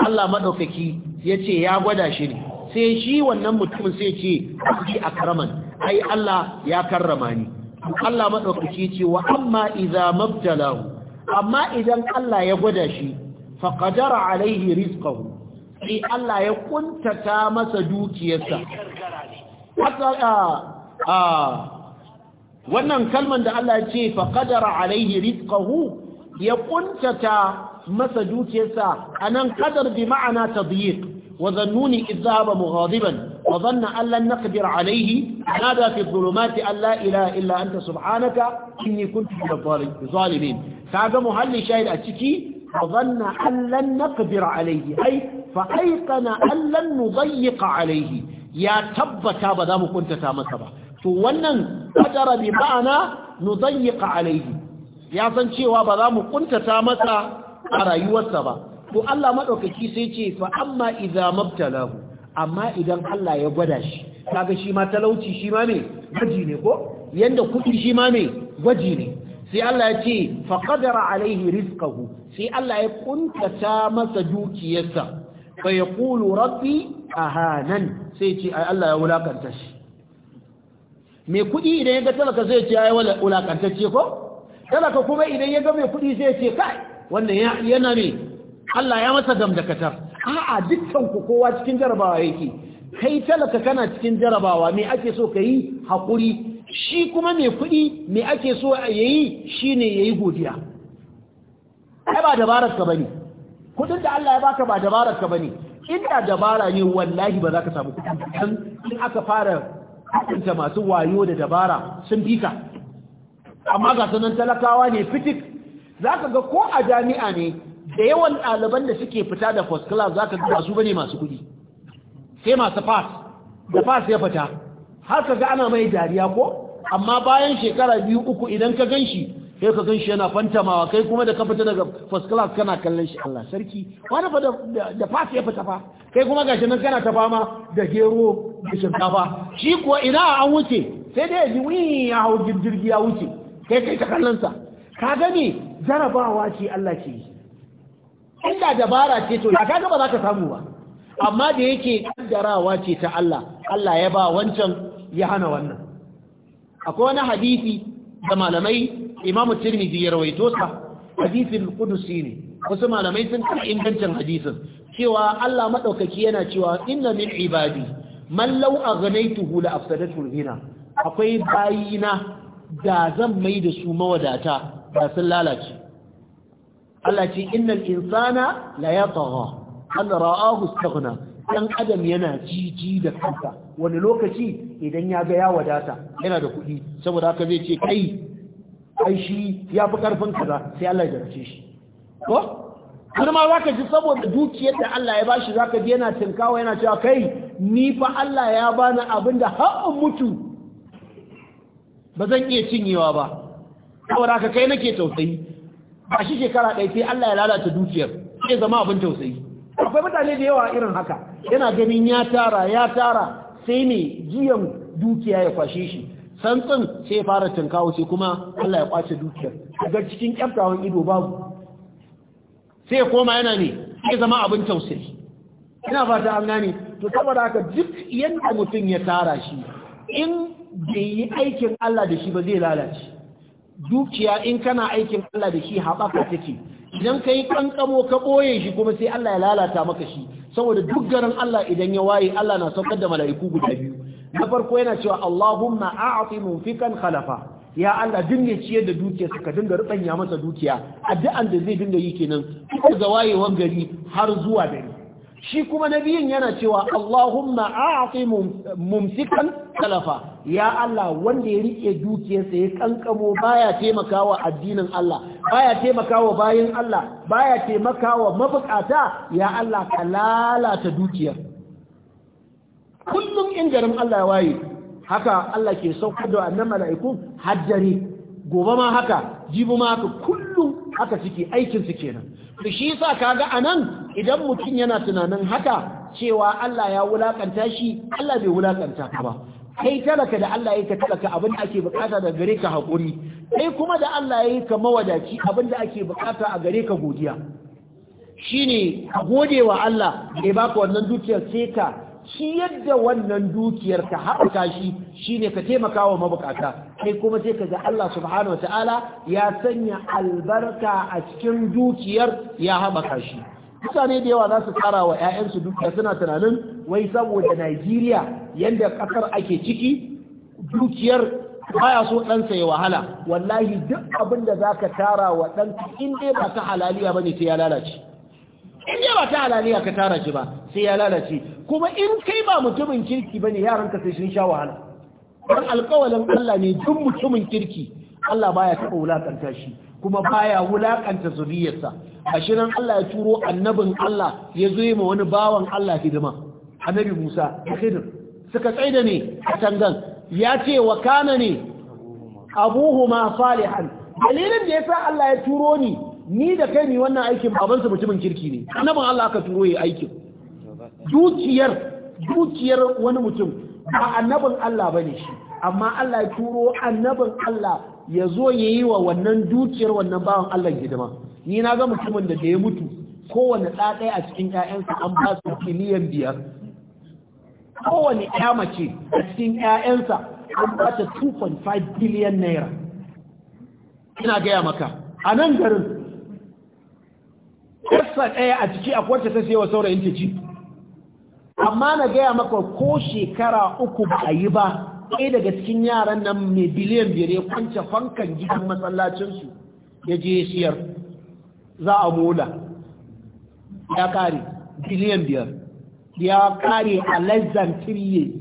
Allah maɗaukaki ya ce ya gwada shi ne sai shi wannan mutumin sai ce ji a karaman ai Allah ya karrama ni Allah maɗaukaki ce wa amma iza amma idan Allah ya gwada shi faƙadara alaihi rizqahu sai Allah ya kuntata masa dukiyarsa wannan kalman da Allah ce fa qadara alaihi rizqahu ya kuntata masa dukiyarsa anan qadar bi ma'ana tadyiq wa dhannuni idhaba mughadiban wa dhanna an lan naqdir alaihi nada fi dhulumati an la ilaha illa anta subhanaka inni kuntu minadh zalimin kaga muhalli shahid a ciki wa dhanna an lan naqdir alaihi ai fa aiqana allan nudayyiqa alayhi ya tabbata ba za mu kuntata masa ba to wannan qadara bi ma'ana nudayyiqa alaihi ya san cewa ba za mu ƙuntata masa a rayuwarsa ba to Allah madaukaki sai ce fa amma idza mabtalahu amma idan Allah ya gwada shi kaga shi ma talauci shi ma ne gwaji ne ko yanda kuɗi shi ma ne gwaji ne sai Allah ya ce faƙadara alaihi rizqahu sai Allah ya kuntata masa dukiyarsa fa yaqulu rabbi ahanan sai ce ai Allah ya wulakanta shi mai kuɗi idan ya ga talaka sai ce ai ce ko talaka kuma idan ya ga mai kuɗi sai ce kai wannan yana ne Allah ya masa damdakatar a'a dukkan ku kowa cikin jarabawa yake kai talaka kana cikin jarabawa me ake so ka yi haƙuri shi kuma mai kuɗi me ake so ya yi shi ne ya yi godiya ai ba dabarar ka bane kudin da Allah ya baka ba dabarar ka bane inda dabara ne wallahi ba za ka samu kudin in aka fara kudinta masu wayo da dabara sun fika amma ga sanan talakawa ne fitik za ga ko a jami'a ne da yawan ɗaliban da suke fita da first class zaka ka ga masu bane masu kudi sai masu pass da pass ya fita har ka ga ana mai dariya ko amma bayan shekara biyu uku idan ka gan shi sai ka gan shi yana fantamawa kai kuma da ka fita daga first class kana kallon shi Allah sarki wani fa da fas ya fita fa kai kuma gashi nan kana ta fama da gero da shinkafa shi kuwa ina an wuce sai dai ji wi ya hau jirgi ya wuce kai kai ta kallon sa ka gani jarabawa ce Allah ke yi inda dabara ce to ya kaga ba za ka samu ba amma da yake kaddarawa ce ta Allah Allah ya ba wancan ya hana wannan akwai wani hadisi da malamai imamu tirmidhi ya rawaito sa hadithin qudusi ne wasu malamai sun ta ingancin hadisin cewa Allah madaukaki yana cewa inna min ibadi man law aghnaytuhu la afsadatu ghina akwai bayina da zan mai da su mawadata ba sun lalace Allah ce innal insana la yatagha an ra'ahu istaghna dan adam yana jiji da kansa wani lokaci idan ya ga ya wadata yana da kuɗi saboda haka zai ce kai ai shi ya fi karfin kaza sai Allah ya jarce shi ko kuma ma zaka ji saboda dukiyar da Allah ya bashi zaka ji yana tinkawa yana cewa kai ni fa Allah ya bani abinda har mutu ba zan iya cinyewa ba saboda haka kai nake tausayi ba shi shekara ɗaya sai Allah ya lalata dukiyar sai zama abin tausayi akwai mutane da yawa irin haka yana ganin ya tara ya tara sai ne jiyan dukiya ya kwashe shi santsin sai fara tunkawo sai kuma Allah ya kwace dukiyar daga cikin kyaftawan ido babu sai koma yana ne sai zama abin tausayi ina fata an gane to saboda haka duk yanda mutum ya tara shi in bai yi aikin Allah da shi ba zai lalace dukiya in kana aikin Allah da shi haɓaka take idan ka yi ƙanƙamo ka ɓoye shi kuma sai Allah ya lalata maka shi saboda duk garin Allah idan ya waye Allah na saukar da mala'iku guda biyu na farko yana cewa Allahumma a'ti munfikan khalafa ya Allah dinga ciyar da dukiya ka dinga rubanya masa dukiya addu'an da zai dinga yi kenan duk da gari har zuwa dare shi kuma nabiyin yana cewa Allahumma a'ti mumsikan talafa ya Allah wanda ya rike dukiyarsa ya kankamo baya taimakawa addinin Allah baya taimakawa bayin Allah baya taimakawa mabukata ya Allah ka lalata dukiyar kullum in garin Allah ya waye haka Allah ke sauka da annan mala'iku hajjari gobe ma haka jibi ma haka kullum haka suke aikin su kenan to shi yasa kaga anan idan mutum yana tunanin haka cewa Allah ya wulakanta shi Allah bai wulakanta ka ba kai talaka da Allah ya ka talaka abin da ake bukata da gare ka hakuri kai kuma da Allah ya ka mawadaci abin da ake bukata a gare ka godiya shine ka gode wa Allah bai baka wannan dukiyar sai ka shi yadda wannan dukiyar ka haɓaka shi shine ka taimaka wa mabukata kai kuma sai ka ga Allah subhanahu ta'ala ya sanya albarka a cikin dukiyar ya haɓaka shi mutane da yawa za su tsara wa 'ya'yansu dukiya suna tunanin wai saboda Najeriya yadda ƙasar ake ciki dukiyar baya so ɗansa ya wahala wallahi duk abin da za ka tara wa ɗanka in dai ba ta halaliya ba ne sai ya lalace in dai ba ta halaliya ka tara shi ba sai ya lalace kuma in kai ba mutumin kirki bane yaran ka sai sun sha wahala dan alƙawalin Allah ne duk mutumin kirki Allah baya taɓa wulakanta shi kuma baya wulakanta zuriyarsa ashirin nan Allah ya turo annabin Allah ya zo ma wani bawan Allah hidima annabi Musa da suka tsaida ne a tangan ya ce wa kana ne abuhuma salihan dalilin da yasa Allah ya turo ni ni da kai ni wannan aikin babansa mutumin kirki ne annabin Allah aka turo yi aikin dukiyar dukiyar wani mutum ba annabin Allah bane shi amma Allah ya turo annabin Allah ya zo ya yi wa wannan dukiyar wannan bawan Allah gidima ni na ga mutumin da da ya mutu kowane ɗaɗaya a cikin ƴaƴansa an ba su miliyan biyar kowane ƴa mace a cikin ƴaƴansa an ba ta 2.5 biliyan naira ina gaya maka a nan garin ƙasa ɗaya a ciki akwai ta sai wa saurayin ta ci amma na gaya maka ko shekara uku ba a yi ba ɗaya daga cikin yaran nan mai biliyan biyar ya kwance fankan gidan matsalacinsu ya je siyar za a mola ya kare biliyan biyar ya kare a lezzan tiriye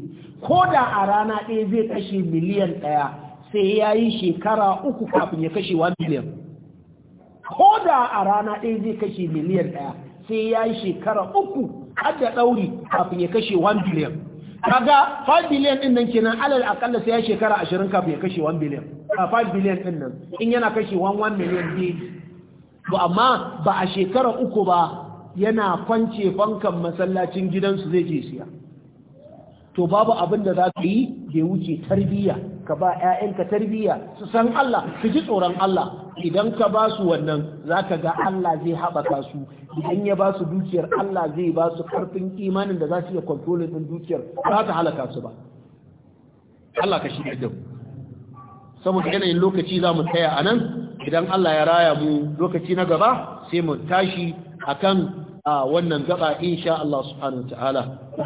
ko da a rana ɗaya zai kashe miliyan ɗaya sai ya yi shekara uku kafin ya kashe 1 miliyan ko da a rana ɗaya zai kashe miliyan ɗaya sai ya yi shekara uku har da ɗauri kafin ya kashe 1 billion kaga 5 billion din nan kenan alal akalla sai ya shekara 20 kafin ya kashe 1 billion a 5 billion din nan in yana kashe 1 million ne to amma ba a shekara uku ba yana kwance bankan masallacin gidansu zai je siya to babu abin da za ka yi da wuce tarbiyya ka ba 'ya'yanka tarbiyya su san Allah su ji tsoron Allah idan ka ba su wannan za ka ga Allah zai haɓaka su idan ya ba su dukiyar Allah zai ba su ƙarfin imanin da za su iya kwantolin ɗin dukiyar ba ta halaka su ba Allah ka shirya da saboda yanayin lokaci za mu tsaya a nan idan Allah ya raya mu lokaci na gaba sai mu tashi akan a wannan gaba insha Allah subhanahu wa ta'ala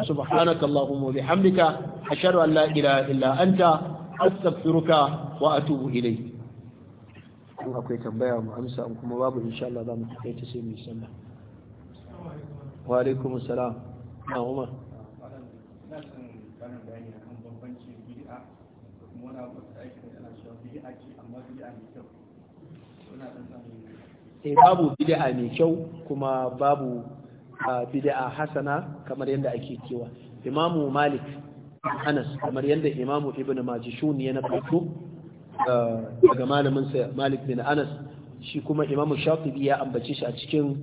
subhanaka allahumma bihamdika ashhadu an la ilaha illa anta astaghfiruka wa atubu ilayk Kuma akwai tambaya mu amsa in kuma babu insha Allah za kai ta sai mu sallah wa alaikum assalam na umar bid'a kuma da eh babu bid'a mai kyau kuma babu ah, bid'a hasana kamar yadda ake cewa imamu malik anas kamar yadda imamu ibn majishun ya na farko ah, daga malaminsa malik bin anas shi kuma imamu shafi'i ya ambace shi a cikin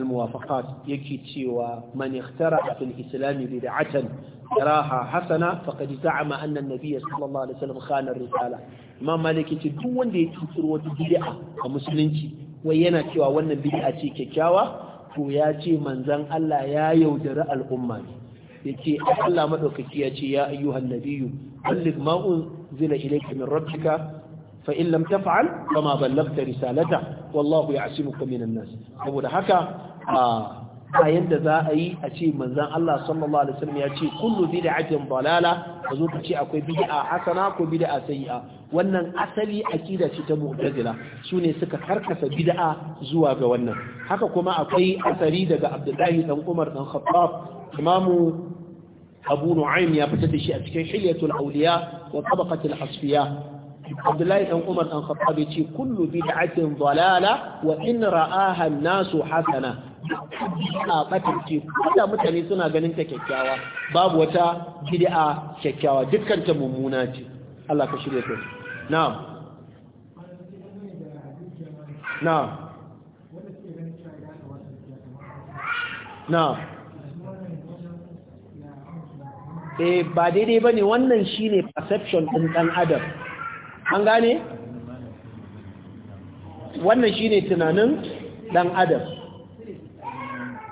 al-muwafaqat yake cewa man ikhtara fil islam bid'atan yaraha hasana faqad za'ama anna an-nabiy sallallahu alaihi wasallam khana ar-risala imam malik ya ce duk wanda ya tsiro wata bid'a a musulunci wai yana cewa wannan bid'a ce kyakkyawa to ya ce manzan Allah ya yaudari al'umma ne ya Allah maɗaukaki ya ce ya ayyuhan nabiyu ballig ma'un zila ilayka min rabbika fa in lam taf'al fa ma risalata wallahu ya'simuka minan nas saboda haka ah, ba yadda za a yi a ce manzan Allah sallallahu alaihi wasallam ya ce kullu bid'atin dalala ka zo ka ce akwai bid'a hasana ko bid'a sayyi'a wannan asali akida ce ta mu'tazila ne suka karkasa bida'a zuwa ga wannan haka kuma akwai asari daga Abdullahi dan Umar dan Khattab imamu Abu Nu'aym ya fitar da shi a cikin Hilyatul Awliya wa Tabaqatul Asfiya Abdullahi dan Umar dan Khattab ya ce kullu bid'atin dalala wa in ra'aha an-nasu hasana a batance kuma mutane suna ganin ta kyakkyawa babu wata a kyakkyawa dukkan ta mummuna ce Allah ka shirya ta na'am na'am na'am eh ba daidai bane wannan shine perception ɗin ɗan adam an gane wannan shine tunanin ɗan adam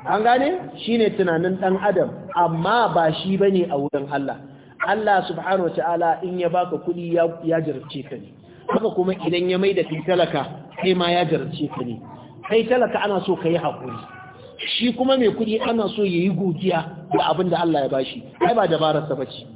an gane Shi ne tunanin ɗan adam amma ba shi bane a wurin Allah Allah subhanahu ta'ala in ya baka kuɗi ya jarabce ka ne haka kuma idan ya maida kai talaka kai ma ya jarabce ka ne kai talaka ana so ka yi haƙuri. shi kuma mai kuɗi ana so yayi godiya da abin da Allah ya bashi Kai ba dabarar sa bace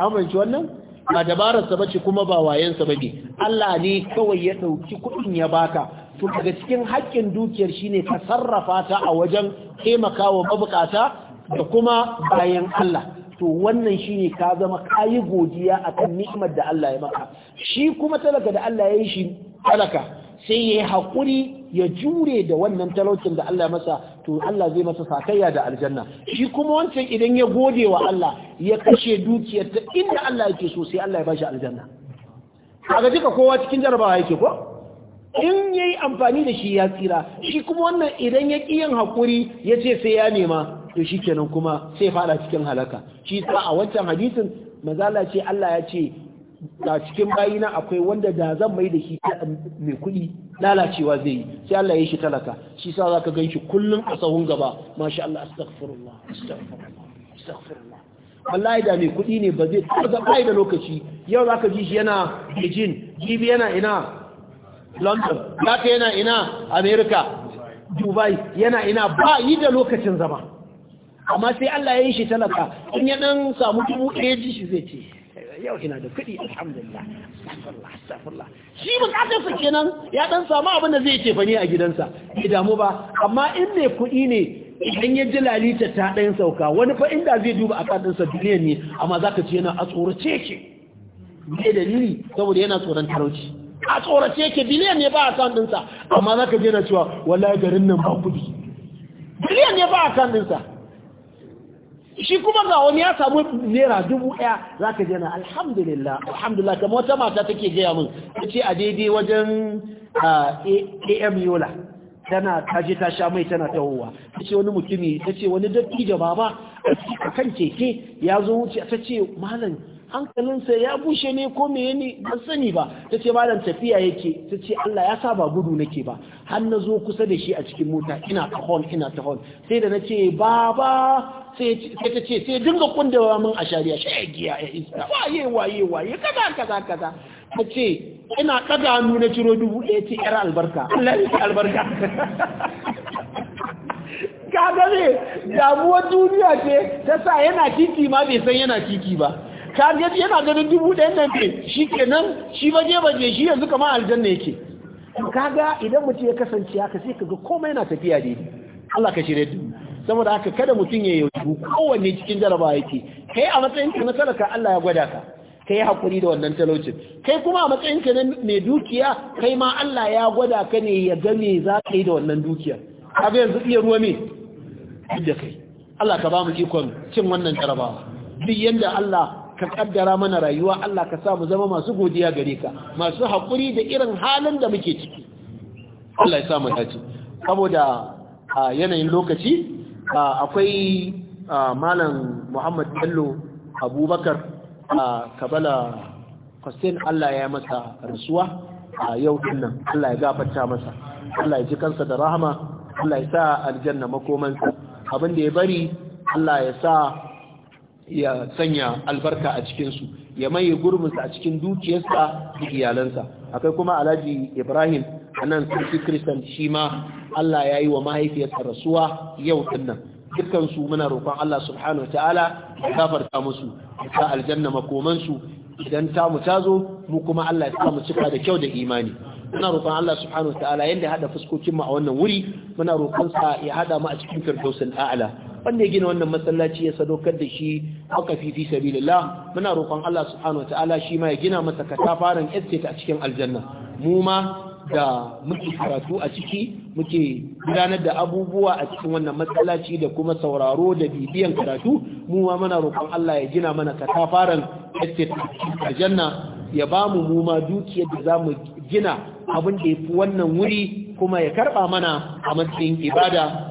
amince wannan ba dabarar sa bace kuma ba wayensa ba bane Allah ne kawai ya ɗauki kuɗin ya baka to daga cikin haƙƙin dukiyar shine ka sarrafa ta a wajen taimakawa mabukata da kuma bayan Allah to wannan shine ka zama kayi godiya akan ni'imar da Allah ya maka shi kuma talaka da Allah ya yi shi talaka sai ya yi haƙuri ya jure da wannan talaucin da Allah ya masa to Allah zai masa sakayya da aljanna shi kuma wancan idan ya gode wa Allah ya kashe dukiyar ta inda Allah yake so sai Allah ya bashi aljanna kaga duka kowa cikin jarabawa yake ko in ya yi amfani da shi ya tsira shi kuma wannan idan ya ƙi yin haƙuri ya ce sai ya nema to shi kenan kuma sai fada cikin halaka shi sa a wancan hadisin mazala ce Allah ya ce ga cikin bayina akwai wanda da zan mai da shi mai kuɗi lalacewa zai yi sai Allah ya shi talaka shi sa za ka gan shi kullum a sahun gaba masha Allah astaghfirullah astaghfirullah astaghfirullah wallahi da mai kuɗi ne ba zai ba da lokaci yau za ka ji shi yana Beijing jibi yana ina london naka yana ina america dubai yana ina ba yi da lokacin zama amma sai allah ya yi shi talaka in ya dan samu dubu ɗaya ji shi zai ce yau ina da kuɗi alhamdulillah astagfirullah astagfirullah shi bukatarsa kenan ya dan samu abin da zai ce fa ni a gidansa bai damu ba amma in mai kuɗi ne idan ya ji lalita ta ɗan sauka wani fa inda zai duba a sa duniya ne amma za ka ce yana a tsorace ke, mai dalili saboda yana tsoron talauci a tsorace yake biliyan ne ba a kan dinsa amma za ka jina cewa wala garin nan ba kudi biliyan ne ba a kan dinsa shi kuma ga wani ya samu nera dubu ɗaya za ka jina alhamdulillah alhamdulillah kamar wata mata take gaya min ta ce a daidai wajen am yola tana taje ta sha mai tana tawowa ta ce wani mutumi ta ce wani dattijo baba a kan keke ya zo wuce ta ce malam hankalinsa ya bushe ne ko me ne ban sani ba ta ce malam tafiya yake ta ce Allah ya sa ba gudu nake ba har na zo kusa da shi a cikin mota ina ta hon ina ta hon sai da na ce baba sai ta ce sai dinga kundawa min a shari'a shi ya iska waye waye waye kaza kaza kaza ta ce ina kada hannu na ciro dubu ɗaya ce yar albarka Allah ya albarka ga ne damuwar duniya ce ta sa yana titi ma bai san yana titi ba ka yana ganin dubu ɗaya nan ne shi kenan shi baje baje shi yanzu kamar aljanna yake kaga idan mutum ya kasance haka sai kaga komai yana tafiya daidai Allah ka shirye duk saboda haka kada mutum ya yaudu kowanne cikin jaraba yake kai a matsayin ka na talaka Allah ya gwada ka kai hakuri da wannan talaucin kai kuma a matsayin ka na mai dukiya kai ma Allah ya gwada ka ne ya ga me za ka yi da wannan dukiya. abu yanzu iya ruwa me da kai Allah ka ba mu ikon cin wannan jarabawa duk yanda Allah ka kaddara mana rayuwa Allah ka sa mu zama masu godiya gare ka masu haƙuri da irin halin da muke ciki Allah ya sa mu dace saboda yanayin lokaci akwai malam Muhammad Bello Abubakar Kabala Hussein Allah ya masa rasuwa a yau dinnan Allah ya gafarta masa Allah ya ji kansa da rahama Allah ya sa aljanna makomansa abin da ya bari Allah ya sa ya sanya albarka a cikinsu ya maye gurbinsa a cikin dukiyarsa da iyalansa akwai kuma alhaji ibrahim a nan sarki kristan shi ma allah ya yi wa mahaifiyarsa rasuwa yau ɗin nan dukkansu muna roƙon allah subhanahu ta'ala ya gafarta musu ta aljanna makomansu idan tamu ta zo mu kuma allah ya samu cika da kyau da imani muna roƙon Allah subhanahu wa ta'ala yanda ya haɗa fuskokin mu a wannan wuri muna roƙon ya haɗa mu a cikin firdausul a'la wanda ya gina wannan masallaci ya sadaukar da shi haka fi sabilillah muna roƙon Allah subhanahu wataala shi ma ya gina masa katafaren estate a cikin aljanna mu ma da muke karatu a ciki muke gudanar da abubuwa a cikin wannan masallaci da kuma sauraro da bibiyan karatu mu ma muna roƙon Allah ya gina mana katafaran aljanna ya ba mu mu ma dukiyar da za mu gina abin da ya fi wannan wuri kuma ya karɓa mana a matsayin ibada